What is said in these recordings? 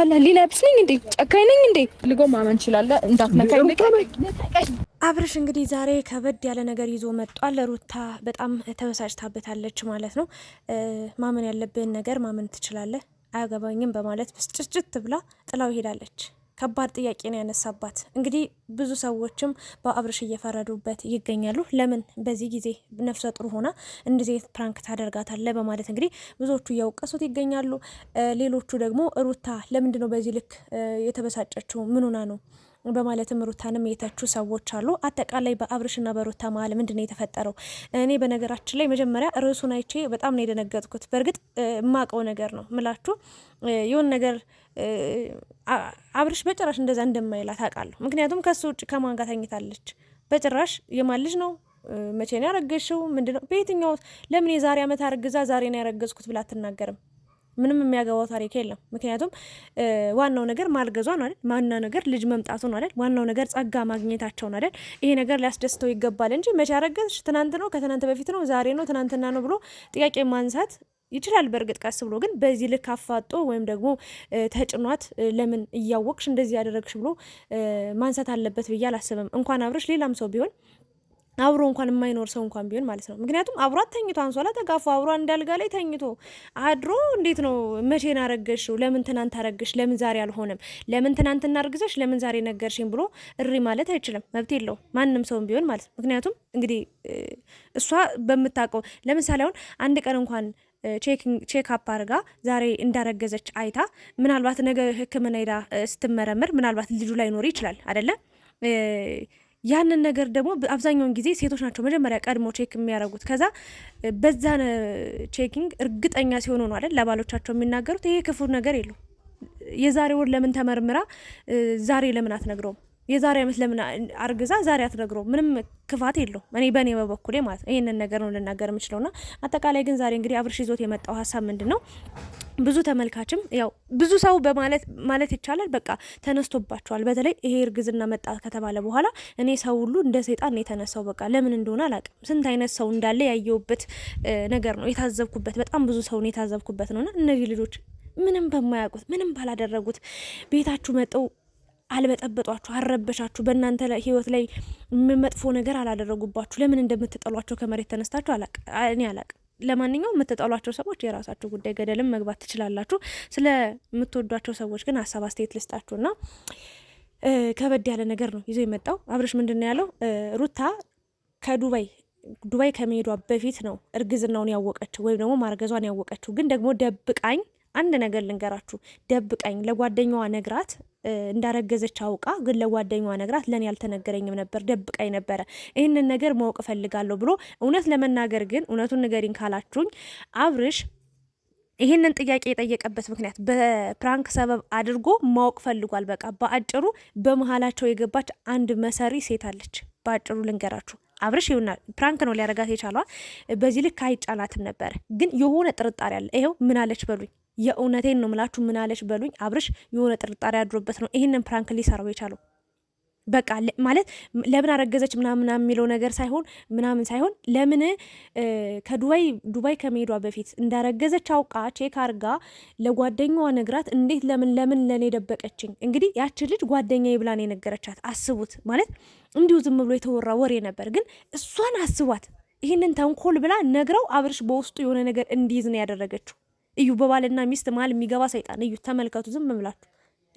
ትላለህ? ሊለብስ ነኝ እንዴ? ጨካኝ ነኝ እንዴ? ልጎ ማመን ይችላል። እንዳትነካኝ አብርሽ እንግዲህ ዛሬ ከበድ ያለ ነገር ይዞ መጧል። ሩታ በጣም ተበሳጭታበታለች ማለት ነው። ማመን ያለብህን ነገር ማመን ትችላለህ፣ አያገባኝም በማለት ብስጭጭት ብላ ጥላው ሄዳለች። ከባድ ጥያቄ ነው ያነሳባት። እንግዲህ ብዙ ሰዎችም በአብርሽ እየፈረዱበት ይገኛሉ። ለምን በዚህ ጊዜ ነፍሰ ጡር ሆና እንደዚህ ፕራንክ ታደርጋታለህ በማለት እንግዲህ ብዙዎቹ እያወቀሱት ይገኛሉ። ሌሎቹ ደግሞ ሩታ ለምንድን ነው በዚህ ልክ የተበሳጨችው? ምኑና ነው በማለትም ሩታንም የተቹ ሰዎች አሉ። አጠቃላይ በአብርሽና በሩታ መሀል ምንድን ነው የተፈጠረው? እኔ በነገራችን ላይ መጀመሪያ ርዕሱን አይቼ በጣም ነው የደነገጥኩት። በእርግጥ የማውቀው ነገር ነው ምላችሁ የሆን ነገር አብርሽ በጭራሽ እንደዛ እንደማይላት አውቃለሁ። ምክንያቱም ከሱ ውጭ ከማን ጋር ተኝታለች? በጭራሽ የማን ልጅ ነው መቼ ነው ያረገሽው? ምንድነው? በየትኛው ለምን የዛሬ ዓመት አርግዛ ዛሬ ነው ያረገዝኩት ብላ አትናገርም። ምንም የሚያገባው ታሪክ የለም። ምክንያቱም ዋናው ነገር ማልገዟ ነው አይደል? ዋና ነገር ልጅ መምጣቱ ነው አይደል? ዋናው ነገር ጸጋ ማግኘታቸው ነው አይደል? ይሄ ነገር ሊያስደስተው ይገባል እንጂ መቼ አረገዝሽ፣ ትናንት ነው፣ ከትናንት በፊት ነው፣ ዛሬ ነው፣ ትናንትና ነው ብሎ ጥያቄ ማንሳት ይችላል። በእርግጥ ቀስ ብሎ ግን በዚህ ልክ አፋጦ ወይም ደግሞ ተጭኗት ለምን እያወቅሽ እንደዚህ ያደረግሽ ብሎ ማንሳት አለበት ብዬ አላስብም። እንኳን አብረሽ ሌላም ሰው ቢሆን አብሮ እንኳን የማይኖር ሰው እንኳን ቢሆን ማለት ነው። ምክንያቱም አብሯት ተኝቶ አንሶላ ተጋፎ አብሯ እንዳልጋ ላይ ተኝቶ አድሮ እንዴት ነው መቼን አረገሽው? ለምን ትናንት አረገሽ? ለምን ዛሬ አልሆነም? ለምን ትናንት እናርግዘሽ? ለምን ዛሬ ነገርሽኝ? ብሎ እሪ ማለት አይችልም። መብት የለው ማንም ሰውም ቢሆን ማለት ነው። ምክንያቱም እንግዲህ እሷ በምታውቀው ለምሳሌ አሁን አንድ ቀን እንኳን ቼክ አፕ አድርጋ ዛሬ እንዳረገዘች አይታ ምናልባት ነገ ሕክምና ሄዳ ስትመረምር ምናልባት ልጁ ላይኖር ይችላል አይደለም። ያንን ነገር ደግሞ አብዛኛውን ጊዜ ሴቶች ናቸው መጀመሪያ ቀድሞ ቼክ የሚያደርጉት። ከዛ በዛ ቼኪንግ እርግጠኛ ሲሆኑ ነው አይደል ለባሎቻቸው የሚናገሩት። ይሄ ክፉ ነገር የለው። የዛሬ ወር ለምን ተመርምራ ዛሬ ለምን አትነግረውም? የዛሬ ዓመት ለምን አርግዛ ዛሬ አትነግሮ ምንም ክፋት የለው። እኔ በእኔ በበኩሌ ማለት ነው ይህንን ነገር ነው ልናገር ና አጠቃላይ ግን ዛሬ እንግዲህ አብርሽ ይዞት የመጣው ሀሳብ ምንድን ነው? ብዙ ተመልካችም ያው ብዙ ሰው በማለት ማለት ይቻላል በቃ ተነስቶባቸዋል። በተለይ ይሄ እርግዝና መጣ ከተባለ በኋላ እኔ ሰው ሁሉ እንደ ሰይጣን ነው የተነሳው። በቃ ለምን እንደሆነ አላውቅም። ስንት አይነት ሰው እንዳለ ያየውበት ነገር ነው የታዘብኩበት። በጣም ብዙ ሰው ነው የታዘብኩበት ነውና እነዚህ ልጆች ምንም በማያውቁት ምንም ባላደረጉት ቤታችሁ መጠው አልበጠበጧችሁ፣ አልረበሻችሁ፣ በእናንተ ህይወት ላይ መጥፎ ነገር አላደረጉባችሁ። ለምን እንደምትጠሏቸው ከመሬት ተነስታችሁ እኔ አላቅ ለማንኛውም የምትጠሏቸው ሰዎች የራሳችሁ ጉዳይ፣ ገደልም መግባት ትችላላችሁ። ስለምትወዷቸው ሰዎች ግን ሀሳብ አስተያየት ልስጣችሁና ከበድ ያለ ነገር ነው ይዞ የመጣው አብርሽ። ምንድን ነው ያለው? ሩታ ከዱባይ ዱባይ ከመሄዷ በፊት ነው እርግዝናውን ያወቀችው ወይም ደግሞ ማርገዟን ያወቀችው። ግን ደግሞ ደብቃኝ አንድ ነገር ልንገራችሁ፣ ደብቀኝ ለጓደኛዋ ነግራት እንዳረገዘች አውቃ ግን ለጓደኛዋ ነግራት ለእኔ ያልተነገረኝም ነበር ደብቀኝ ነበረ። ይህንን ነገር ማወቅ እፈልጋለሁ ብሎ እውነት ለመናገር ግን እውነቱን ንገሪኝ ካላችሁኝ አብርሽ ይህንን ጥያቄ የጠየቀበት ምክንያት በፕራንክ ሰበብ አድርጎ ማወቅ ፈልጓል። በቃ በአጭሩ በመሀላቸው የገባች አንድ መሰሪ ሴት አለች። በአጭሩ ልንገራችሁ አብርሽ ይሁና ፕራንክ ነው ሊያረጋት የቻሏ። በዚህ ልክ አይጫናትም ነበረ፣ ግን የሆነ ጥርጣሬ አለ። ይኸው ምን አለች በሉኝ የእውነቴን ነው ምላችሁ። ምናለች በሉኝ። አብርሽ የሆነ ጥርጣሬ አድሮበት ነው ይህንን ፕራንክ ሊሰራው የቻለው። በቃ ማለት ለምን አረገዘች ምናምን የሚለው ነገር ሳይሆን ምናምን ሳይሆን ለምን ከዱባይ ዱባይ ከመሄዷ በፊት እንዳረገዘች አውቃ ቼክ አርጋ ለጓደኛዋ ነግራት፣ እንዴት ለምን ለምን ለኔ ደበቀችኝ? እንግዲህ ያች ልጅ ጓደኛ ብላን የነገረቻት አስቡት። ማለት እንዲሁ ዝም ብሎ የተወራ ወሬ ነበር፣ ግን እሷን አስቧት። ይህንን ተንኮል ብላ ነግረው አብርሽ በውስጡ የሆነ ነገር እንዲይዝ ነው ያደረገችው። እዩ በባልና ሚስት መሀል የሚገባ ሰይጣን እዩ። ተመልከቱ ዝም ብላችሁ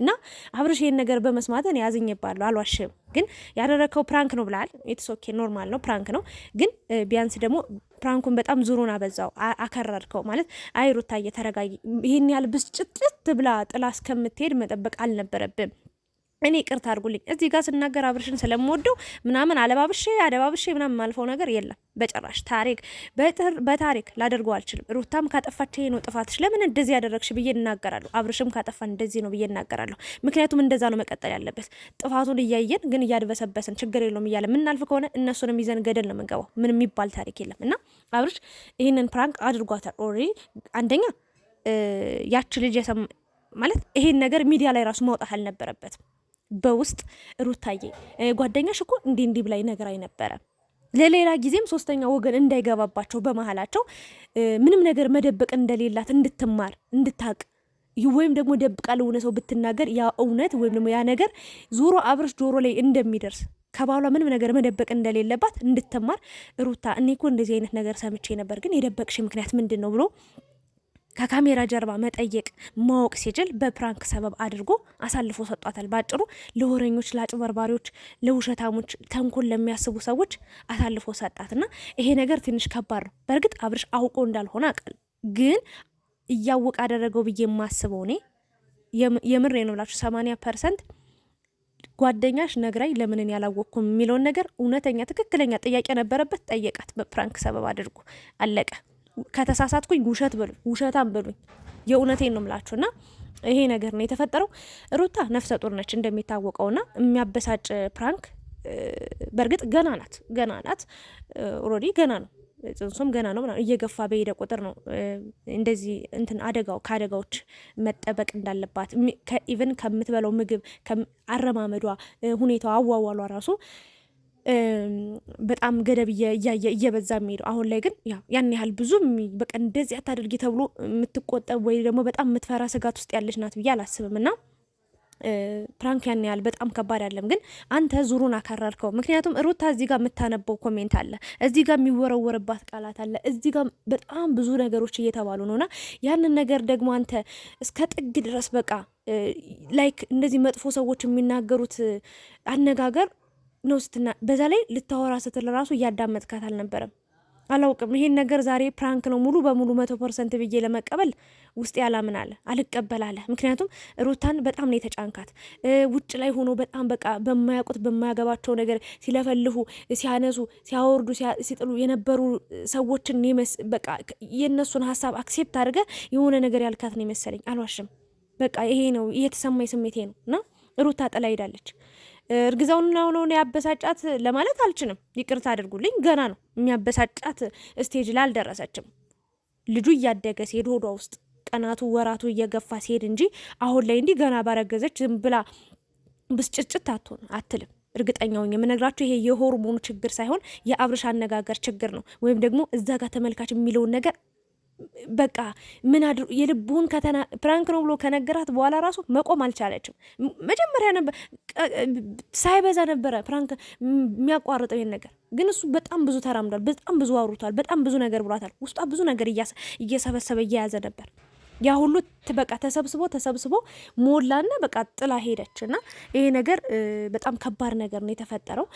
እና አብርሽ ይሄን ነገር በመስማት እኔ ያዝኝባለሁ፣ አልዋሽም። ግን ያደረከው ፕራንክ ነው ብላል። ኢትስ ኦኬ ኖርማል ነው ፕራንክ ነው። ግን ቢያንስ ደግሞ ፕራንኩን በጣም ዙሩን አበዛው፣ አከራድከው ማለት አይሩታዬ ተረጋጊ። ይሄን ያህል ብስጭት ብላ ጥላ እስከምትሄድ መጠበቅ አልነበረብም። እኔ ይቅርታ አድርጉልኝ እዚህ ጋር ስናገር አብርሽን ስለምወደው ምናምን አለባብሼ አደባብሼ ምናምን ማልፈው ነገር የለም በጭራሽ። ታሪክ በታሪክ ላደርገው አልችልም። ሩታም ካጠፋች ይሄ ነው ጥፋትሽ፣ ለምን እንደዚህ ያደረግሽ ብዬ እናገራለሁ። አብርሽም ካጠፋ እንደዚህ ነው ብዬ እናገራለሁ። ምክንያቱም እንደዛ ነው መቀጠል ያለበት። ጥፋቱን እያየን ግን እያድበሰበሰን ችግር የለውም እያለ ምናልፍ ከሆነ እነሱንም ይዘን ገደል ነው የምንገባው። ምን የሚባል ታሪክ የለም። እና አብርሽ ይህንን ፕራንክ አድርጓታል። ኦሬ አንደኛ ያች ልጅ ማለት ይሄን ነገር ሚዲያ ላይ ራሱ መውጣት አልነበረበትም። በውስጥ ሩታዬ ጓደኛሽ እኮ እንዲህ እንዲህ ብላኝ ነግራኝ ነበረ ለሌላ ጊዜም ሶስተኛ ወገን እንዳይገባባቸው በመሀላቸው ምንም ነገር መደበቅ እንደሌላት እንድትማር እንድታቅ ወይም ደግሞ ደብቃ ለሆነ ሰው ብትናገር ያ እውነት ወይም ደግሞ ያ ነገር ዞሮ አብርሽ ጆሮ ላይ እንደሚደርስ ከባሏ ምንም ነገር መደበቅ እንደሌለባት እንድትማር ሩታ እኔ እኮ እንደዚህ አይነት ነገር ሰምቼ ነበር፣ ግን የደበቅሽ ምክንያት ምንድን ነው ብሎ ከካሜራ ጀርባ መጠየቅ ማወቅ ሲችል በፕራንክ ሰበብ አድርጎ አሳልፎ ሰጧታል። ባጭሩ ለወረኞች፣ ለአጭበርባሪዎች፣ ለውሸታሞች፣ ተንኮል ለሚያስቡ ሰዎች አሳልፎ ሰጣትና ይሄ ነገር ትንሽ ከባድ ነው። በእርግጥ አብርሽ አውቆ እንዳልሆነ አቃል ግን እያወቀ አደረገው ብዬ የማስበው እኔ የምሬ ነው ብላችሁ ሰማንያ ፐርሰንት ጓደኛሽ ነግራኝ ለምንን ያላወቅኩም የሚለውን ነገር እውነተኛ ትክክለኛ ጥያቄ ነበረበት። ጠየቃት በፕራንክ ሰበብ አድርጎ አለቀ። ከተሳሳትኩኝ ውሸት በሉኝ፣ ውሸታም በሉኝ። የእውነቴን ነው የምላችሁ እና ይሄ ነገር ነው የተፈጠረው። ሩታ ነፍሰ ጡር ነች ና የሚያበሳጭ ፕራንክ በእርግጥ ገና ናት ገና ናት ኦልሬዲ ገና ነው ጽንሱም ገና ነው። እየገፋ በሄደ ቁጥር ነው እንደዚህ እንትን አደጋው ከአደጋዎች መጠበቅ እንዳለባት ኢቨን ከምትበላው ምግብ አረማመዷ፣ ሁኔታዋ አዋዋሏ ራሱ በጣም ገደብ እየበዛ የሚሄደው አሁን ላይ ግን ያን ያህል ብዙ በቃ እንደዚህ አታደርጊ ተብሎ የምትቆጠብ ወይ ደግሞ በጣም የምትፈራ ስጋት ውስጥ ያለች ናት ብዬ አላስብም እና ፕራንክ ያን ያህል በጣም ከባድ አይደለም፣ ግን አንተ ዙሩን አከራርከው። ምክንያቱም ሩታ እዚህ ጋር የምታነበው ኮሜንት አለ፣ እዚህ ጋር የሚወረወርባት ቃላት አለ፣ እዚህ ጋር በጣም ብዙ ነገሮች እየተባሉ ነውና ያንን ነገር ደግሞ አንተ እስከ ጥግ ድረስ በቃ ላይክ እንደዚህ መጥፎ ሰዎች የሚናገሩት አነጋገር ነው ስትና በዛ ላይ ልታወራ ስትል ራሱ እያዳመጥካት አልነበረም። አላውቅም ይሄን ነገር ዛሬ ፕራንክ ነው ሙሉ በሙሉ መቶ ፐርሰንት ብዬ ለመቀበል ውስጥ ያላምን አለ አልቀበል አለ። ምክንያቱም ሩታን በጣም ነው የተጫንካት። ውጭ ላይ ሆኖ በጣም በቃ በማያውቁት በማያገባቸው ነገር ሲለፈልፉ፣ ሲያነሱ፣ ሲያወርዱ፣ ሲጥሉ የነበሩ ሰዎችን በቃ የእነሱን ሀሳብ አክሴፕት አድርገ የሆነ ነገር ያልካት ነው የመሰለኝ። አልዋሽም። በቃ ይሄ ነው የተሰማኝ ስሜቴ ነው እና ሩታ ጥላ ሄዳለች። እርግዛውንና ሆነውን ያበሳጫት ለማለት አልችልም፣ ይቅርታ አድርጉልኝ። ገና ነው የሚያበሳጫት ስቴጅ ላይ አልደረሰችም። ልጁ እያደገ ሲሄድ ሆዷ ውስጥ ቀናቱ ወራቱ እየገፋ ሲሄድ እንጂ አሁን ላይ እንዲህ ገና ባረገዘች ዝም ብላ ብስጭጭት አትሆን አትልም። እርግጠኛ የምነግራችሁ ይሄ የሆርሞኑ ችግር ሳይሆን የአብርሽ አነጋገር ችግር ነው። ወይም ደግሞ እዛ ጋር ተመልካች የሚለውን ነገር በቃ ምን አድ የልቡን ከተና ፕራንክ ነው ብሎ ከነገራት በኋላ ራሱ መቆም አልቻለችም። መጀመሪያ ነበር ሳይበዛ ነበረ ፕራንክ የሚያቋርጠው ይህን ነገር፣ ግን እሱ በጣም ብዙ ተራምዷል፣ በጣም ብዙ አውርቷል፣ በጣም ብዙ ነገር ብሏታል። ውስጧ ብዙ ነገር እየሰበሰበ እየያዘ ነበር። ያ ሁሉ በቃ ተሰብስቦ ተሰብስቦ ሞላና በቃ ጥላ ሄደች እና ይሄ ነገር በጣም ከባድ ነገር ነው የተፈጠረው።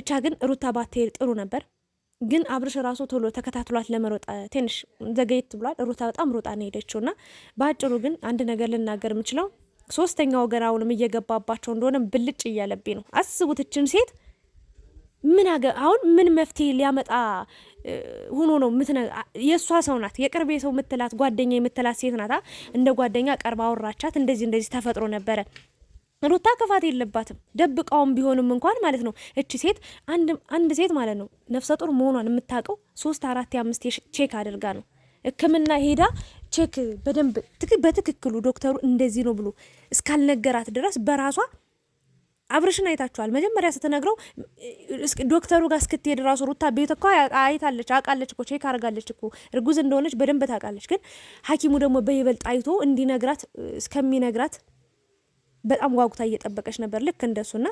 ብቻ ግን ሩታ ባትሄድ ጥሩ ነበር። ግን አብርሽ ራሱ ቶሎ ተከታትሏት ለመሮጥ ትንሽ ዘገየት ብሏል። ሩታ በጣም ሮጣ ነው ሄደችው ና በአጭሩ ግን አንድ ነገር ልናገር የምችለው ሶስተኛ ወገን አሁንም እየገባባቸው እንደሆነ ብልጭ እያለብኝ ነው። አስቡት እችን ሴት ምን አሁን ምን መፍትሄ ሊያመጣ ሆኖ ነው ምትነ የእሷ ሰው ናት፣ የቅርብ ሰው ምትላት ጓደኛ የምትላት ሴት ናታ። እንደ ጓደኛ ቀርባ አወራቻት። እንደዚህ እንደዚህ ተፈጥሮ ነበረ ሩታ ክፋት የለባትም። ደብቃውም ቢሆንም እንኳን ማለት ነው እቺ ሴት አንድ ሴት ማለት ነው ነፍሰ ጡር መሆኗን የምታውቀው ሶስት አራት አምስት ቼክ አድርጋ ነው ሕክምና ሄዳ ቼክ በደንብ በትክክሉ ዶክተሩ እንደዚህ ነው ብሎ እስካልነገራት ድረስ በራሷ አብርሽን አይታችኋል። መጀመሪያ ስትነግረው ዶክተሩ ጋር እስክትሄድ ራሱ ሩታ ቤት እኮ አይታለች፣ አውቃለች እኮ ቼክ አርጋለች እኮ እርጉዝ እንደሆነች በደንብ ታውቃለች። ግን ሐኪሙ ደግሞ በይበልጥ አይቶ እንዲነግራት እስከሚነግራት በጣም ዋጉታ እየጠበቀች ነበር። ልክ እንደሱና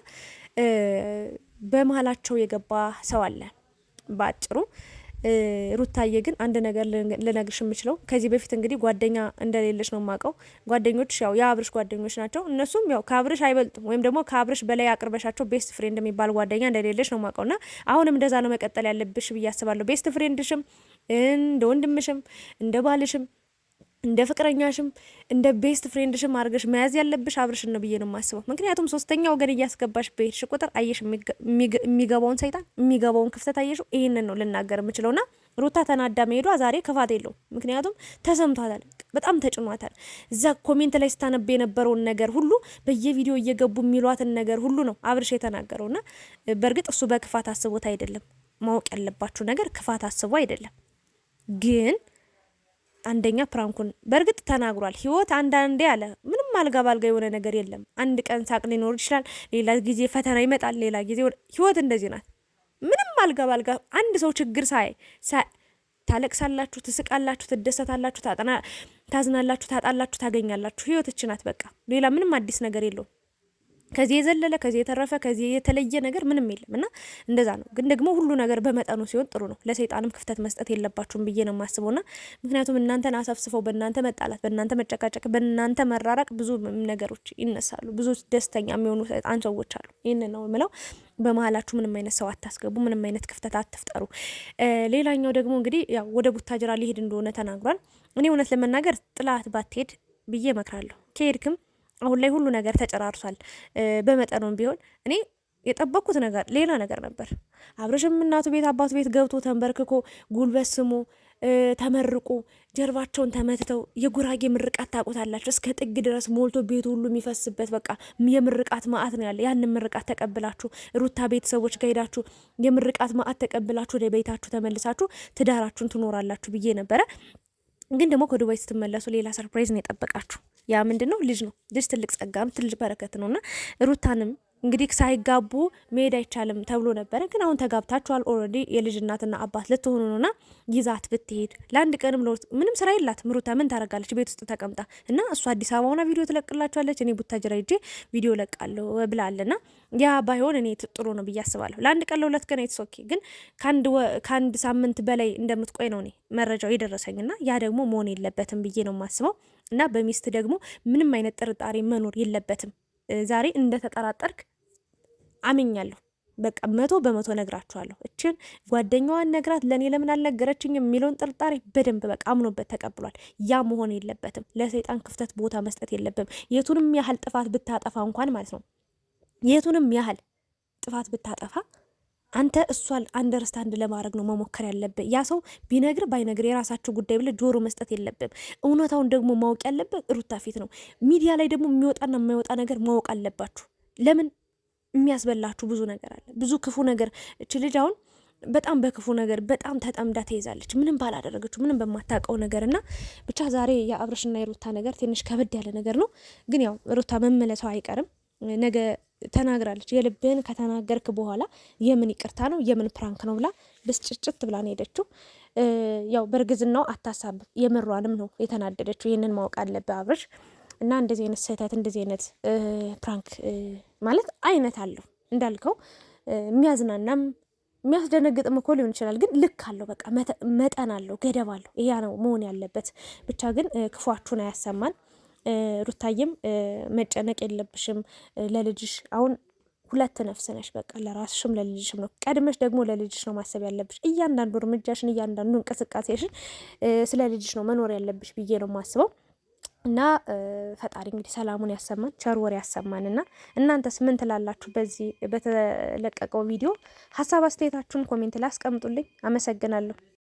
በመሀላቸው የገባ ሰው አለ በአጭሩ ሩታዬ ግን አንድ ነገር ልነግርሽ የምችለው ከዚህ በፊት እንግዲህ ጓደኛ እንደሌለች ነው የማውቀው። ጓደኞች ያው የአብርሽ ጓደኞች ናቸው። እነሱም ያው ከአብርሽ አይበልጡም ወይም ደግሞ ከአብርሽ በላይ አቅርበሻቸው ቤስት ፍሬንድ የሚባል ጓደኛ እንደሌለች ነው የማውቀው። ና አሁንም እንደዛ ነው መቀጠል ያለብሽ ብዬ አስባለሁ። ቤስት ፍሬንድሽም እንደ ወንድምሽም እንደ ባልሽም እንደ ፍቅረኛሽም እንደ ቤስት ፍሬንድሽም አድርገሽ መያዝ ያለብሽ አብርሽን ነው ብዬ ነው የማስበው። ምክንያቱም ሶስተኛ ወገን እያስገባሽ በሄድሽ ቁጥር አየሽ የሚገባውን ሰይጣን የሚገባውን ክፍተት አየሽ። ይህንን ነው ልናገር ና ሩታ ተናዳ መሄዷ ዛሬ ክፋት የለውም። ምክንያቱም ተሰምቷታል፣ በጣም ተጭኗታል። እዛ ኮሜንት ላይ ስታነብ የነበረውን ነገር ሁሉ በየቪዲዮ እየገቡ የሚሏትን ነገር ሁሉ ነው አብርሽ ና በእርግጥ እሱ በክፋት አስቦት አይደለም። ማወቅ ያለባችሁ ነገር ክፋት አስቦ አይደለም ግን አንደኛ ፕራንኩን በእርግጥ ተናግሯል። ህይወት አንዳንዴ አለ ምንም አልጋ ባልጋ የሆነ ነገር የለም። አንድ ቀን ሳቅ ሊኖር ይችላል፣ ሌላ ጊዜ ፈተና ይመጣል፣ ሌላ ጊዜ ህይወት እንደዚህ ናት። ምንም አልጋ ባልጋ አንድ ሰው ችግር ሳይ ታለቅሳላችሁ፣ ትስቃላችሁ፣ ትደሰታላችሁ፣ ታዝናላችሁ፣ ታጣላችሁ፣ ታገኛላችሁ። ህይወት እች ናት በቃ ሌላ ምንም አዲስ ነገር የለውም። ከዚህ የዘለለ ከዚህ የተረፈ ከዚህ የተለየ ነገር ምንም የለም እና እንደዛ ነው። ግን ደግሞ ሁሉ ነገር በመጠኑ ሲሆን ጥሩ ነው። ለሰይጣንም ክፍተት መስጠት የለባችሁም ብዬ ነው የማስበው ና ምክንያቱም እናንተን አሳፍስፈው በእናንተ መጣላት፣ በእናንተ መጨቃጨቅ፣ በእናንተ መራራቅ ብዙ ነገሮች ይነሳሉ። ብዙ ደስተኛ የሚሆኑ ሰይጣን ሰዎች አሉ። ይህን ነው የምለው። በመሀላችሁ ምንም አይነት ሰው አታስገቡ። ምንም አይነት ክፍተት አትፍጠሩ። ሌላኛው ደግሞ እንግዲህ ያው ወደ ቡታጅራ ሊሄድ እንደሆነ ተናግሯል። እኔ እውነት ለመናገር ጥላት ባትሄድ ብዬ እመክራለሁ። ከሄድክም አሁን ላይ ሁሉ ነገር ተጨራርሷል። በመጠኑም ቢሆን እኔ የጠበቅኩት ነገር ሌላ ነገር ነበር። አብረሽም እናቱ ቤት አባቱ ቤት ገብቶ ተንበርክኮ ጉልበት ስሞ ተመርቁ ጀርባቸውን ተመትተው የጉራጌ ምርቃት ታቆታላቸው እስከ ጥግ ድረስ ሞልቶ ቤቱ ሁሉ የሚፈስበት በቃ የምርቃት ማአት ነው ያለ። ያንን ምርቃት ተቀብላችሁ ሩታ ቤተሰቦች ጋር ሄዳችሁ የምርቃት ማአት ተቀብላችሁ ወደ ቤታችሁ ተመልሳችሁ ትዳራችሁን ትኖራላችሁ ብዬ ነበረ። ግን ደግሞ ከዱባይ ስትመለሱ ሌላ ሰርፕራይዝ ነው የጠበቃችሁ። ያ ምንድን ነው? ልጅ ነው። ልጅ ትልቅ ጸጋ ነው፣ ትልቅ በረከት ነው። እና ሩታንም እንግዲህ ሳይጋቡ መሄድ አይቻልም ተብሎ ነበረ። ግን አሁን ተጋብታችኋል። ኦልሬዲ የልጅ እናትና አባት ልትሆኑ ነውና ይዛት ብትሄድ ለአንድ ቀንም ለወር ምንም ስራ የላትም ሩታ። ምን ታደርጋለች? ቤት ውስጥ ተቀምጣ እና እሱ አዲስ አበባ ሆና ቪዲዮ ትለቅላችኋለች። እኔ ቡታጅራ ሄጄ ቪዲዮ ለቃለሁ ብላለና ያ ባይሆን እኔ ጥሩ ነው ብዬ አስባለሁ። ለአንድ ቀን ለሁለት ቀን የተሶኬ ግን ከአንድ ሳምንት በላይ እንደምትቆይ ነው እኔ መረጃው የደረሰኝና ያ ደግሞ መሆን የለበትም ብዬ ነው የማስበው። እና በሚስት ደግሞ ምንም አይነት ጥርጣሬ መኖር የለበትም። ዛሬ እንደተጠራጠርክ አምኛለሁ። በቃ መቶ በመቶ ነግራችኋለሁ። እችን ጓደኛዋን ነግራት ለእኔ ለምን አልነገረችኝ የሚለውን ጥርጣሬ በደንብ በቃ አምኖበት ተቀብሏል። ያ መሆን የለበትም። ለሰይጣን ክፍተት ቦታ መስጠት የለብም። የቱንም ያህል ጥፋት ብታጠፋ እንኳን ማለት ነው የቱንም ያህል ጥፋት ብታጠፋ አንተ እሷን አንደርስታንድ ለማድረግ ነው መሞከር ያለብህ። ያ ሰው ቢነግር ባይነግር የራሳቸው ጉዳይ ብለህ ጆሮ መስጠት የለብም። እውነታውን ደግሞ ማወቅ ያለብህ ሩታ ፊት ነው። ሚዲያ ላይ ደግሞ የሚወጣና የማይወጣ ነገር ማወቅ አለባችሁ። ለምን የሚያስበላችሁ ብዙ ነገር አለ። ብዙ ክፉ ነገር እች ልጅ አሁን በጣም በክፉ ነገር በጣም ተጠምዳ ተይዛለች። ምንም ባላደረገችው ምንም በማታውቀው ነገር እና ብቻ ዛሬ የአብርሽና የሩታ ነገር ትንሽ ከበድ ያለ ነገር ነው፣ ግን ያው ሩታ መመለሰው አይቀርም። ነገ ተናግራለች። የልብህን ከተናገርክ በኋላ የምን ይቅርታ ነው የምን ፕራንክ ነው ብላ ብስጭጭት ብላ ነው ሄደችው። ያው በእርግዝናው አታሳብ የምሯንም ነው የተናደደችው። ይህንን ማወቅ አለብህ አብርሽ። እና እንደዚህ አይነት ስህተት እንደዚህ አይነት ፕራንክ ማለት አይነት አለው እንዳልከው የሚያዝናናም የሚያስደነግጥም እኮ ሊሆን ይችላል። ግን ልክ አለው፣ በቃ መጠን አለው፣ ገደብ አለው። ይያ ነው መሆን ያለበት። ብቻ ግን ክፏችሁን አያሰማን። ሩታዬም መጨነቅ የለብሽም ለልጅሽ አሁን ሁለት ነፍስ ነሽ። በቃ ለራስሽም ለልጅሽም ነው። ቀድመሽ ደግሞ ለልጅሽ ነው ማሰብ ያለብሽ። እያንዳንዱ እርምጃሽን፣ እያንዳንዱ እንቅስቃሴሽን ስለ ልጅሽ ነው መኖር ያለብሽ ብዬ ነው የማስበው። እና ፈጣሪ እንግዲህ ሰላሙን ያሰማን፣ ቸር ወር ያሰማን። እና እናንተስ ምን ትላላችሁ? በዚህ በተለቀቀው ቪዲዮ ሀሳብ አስተያየታችሁን ኮሜንት ላይ አስቀምጡልኝ። አመሰግናለሁ።